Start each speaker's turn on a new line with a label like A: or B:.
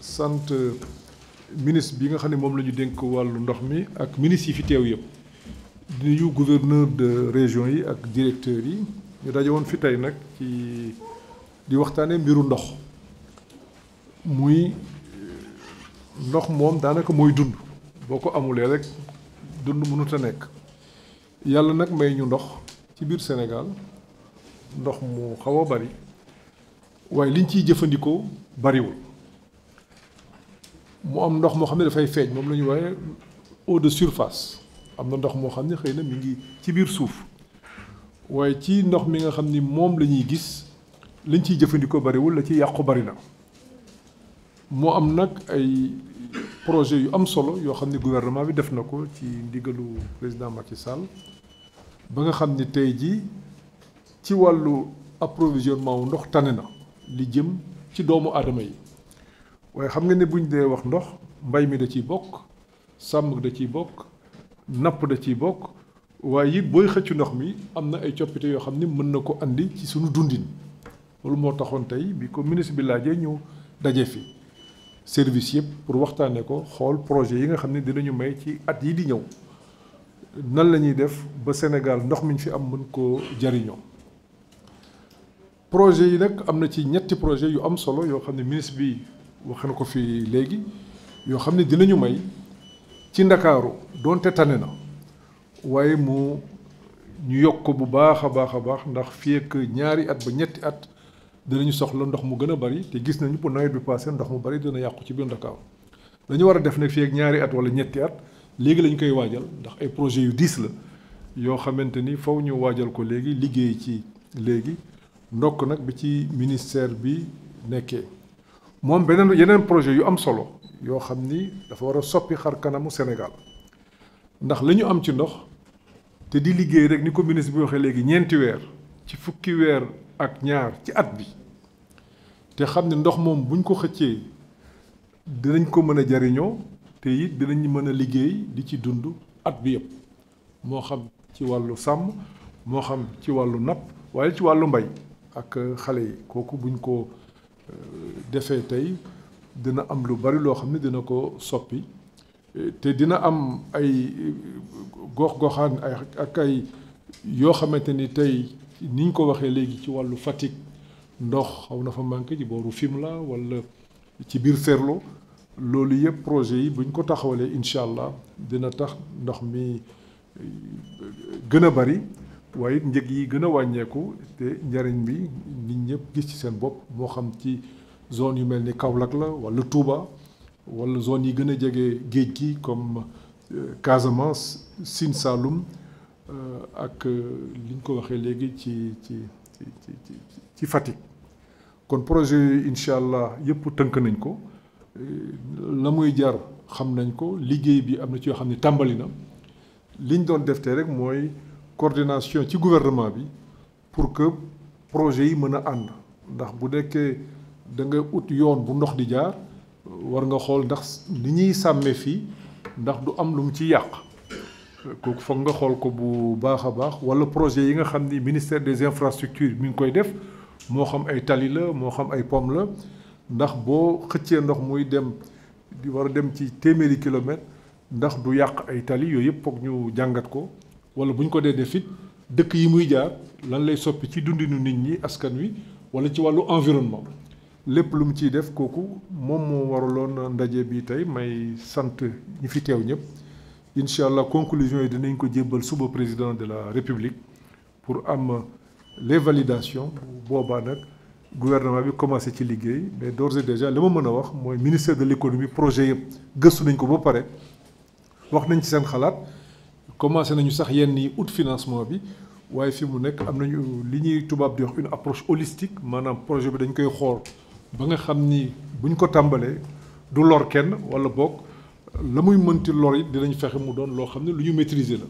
A: sant euh, ministre bi nga xam ne moom la ñu dénk wàllu ndox mi ak ministre yi fi teew yëpp di yu gouverneur de région yi ak directeurs yi ñu daje woon fi tey nag ci di waxtaanee mbiru ndox muy ndox moom daanaka mooy dund boo ko amulee rek dund mënut a nekk yàlla nag may ñu ndox ci biir Sénégal ndox mu xaw a bari waaye liñ ciy jëfandikoo bariwul mu am ndox moo xam ne dafay feej moom lañuy ñu waaye eau de surface am na ndox moo xam ne xëy na mi ngi ci biir suuf waaye ci ndox mi nga xam ni moom lañuy ñuy gis liñ ciy jëfandikoo bariwul la ci yàqu bari na moo am nag ay projet yu am solo yoo xam ne gouvernement bi def na ko ci ndigalu président Macky Sall ba nga xam ni tey jii ci wàllu approvisionnement wu ndox tane na li jëm ci doomu aadama yi waaye xam nga ne buñ dee wax ndox mbay mi da ciy bokk sàmm da ciy bokk napp da ciy bokk waaye it booy xëccu ndox mi am na ay coppite yoo xam ni mën na ko andi ci sunu dundin loolu moo taxoon tey bi ko ministre bi laajee ñu daje fi service yëpp pour waxtaanee ko xool projet yi nga xam ne dinañu may ci at yi di ñëw nan la ñuy def ba Sénégal ndox mi ñu fi am mën koo jariñoo projet yi nag am na ci ñetti projet yu am solo yoo xam ne ministre bi wax na ko fii léegi yoo xam ne dinañu may ci ndakaaru doonte tane na waaye mu ñu yokk ko bu baax a baax a baax ndax fii ak ñaari at ba ñetti at dinañu soxla ndox mu gën a bari te gis nañu pour nawet bi passé ndox mu bari dina yàqu ci biir ndakaaru dañu war a def nag fii ak ñaari at wala ñetti at léegi lañ koy waajal ndax ay projet yu diis la yoo xamante ni faw ñu waajal ko léegi liggéey ci léegi ndokk nag bi ci ministère bi nekkee moom beneen yeneen projet yu am solo yoo xam ni dafa war a soppi xar kanamu Sénégal ndax li ñu am ci ndox te di liggéey rek ni ko ministre bi waxee léegi ñeenti weer ci fukki weer ak ñaar ci at bi te xam ne ndox moom buñ ko xëccee dinañ ko mën a jariñoo te it dinañ mën a liggéey di ci dund at bi yëpp moo xam ci wàllu sàmm moo xam ci wàllu napp waaye ci wàllu mbay ak euh, xale yi kooku buñ ko euh, defee tey dina am lu bari loo xam ne dina ko soppi euh, te dina am ay gox-goxaan ay ak ay yoo xamante ni tey niñ ko waxee léegi ci wàllu Fatick ndox xaw na fa manqué ci booru Fimela wala ci biir Ferlo loolu yëpp projet yi buñ ko taxawalee incha allah dina tax ndox mi gën a bari waaye it njëg yi gën a wàññeeku te njariñ bi nit ñëpp gis ci seen bopp moo xam ci zone yu mel ni Kaolack la walla Touba wala zone yi gën a jege géej gi comme euh, Casamance Sine Saloum euh, ak euh, li ñu ko waxee léegi ci ci ci ci Fatick kon projet yooyu incha allah yëpp tënk nañ ko la muy jar xam nañ ko liggéey bi am na ci yoo xam ne tàmbali na liñ doon def rek mooy. coordination ci gouvernement bi pour que projet yi mën a ànd ndax bu nekkee da nga ut yoon bu ndox di jaar war nga xool ndax ni ñuy sàmmee fii ndax du am lu mu ci yàq kooku foog nga xool ko bu baax a baax walla projet yi nga xam ni ministère des infrastructures mi ngi koy def moo xam ay tali la moo xam ay pom la ndax boo xëccee ndox muy dem di war a dem ci téeméeri kilomètre ndax du yàq ay tali yooyu yëpp foog ñu jàngat ko wala bu ñu ko dee def it dëkk yi muy jaar lan lay soppi ci dundinu nit ñi askan wi wala ci wàllu environnement lépp lu mu ciy def kooku moom moo waruloon waraloon ndaje bi tey may sant ñi fi teew ñëpp incha allah conclusion yi dinañ ko jébbal suba président de la république pour am les validations boobaa nag gouvernement bi commencé ci liggéey mais d'ores et déjà li ma mën a wax mooy ministère de l'économie projet yëpp gëstu nañ ko ba pare wax nañ ci seen xalaat commencé nañu sax yenn yi out financement bi waaye fi mu nekk am nañu li ñuy tubaab di wax une approche holistique maanaam projet bi dañ koy xool ba nga xam ni buñ ko tàmbalee du lor kenn wala boog la muy mënti lor it dinañ fexe mu doon loo xam ne lu ñu maîtriser la.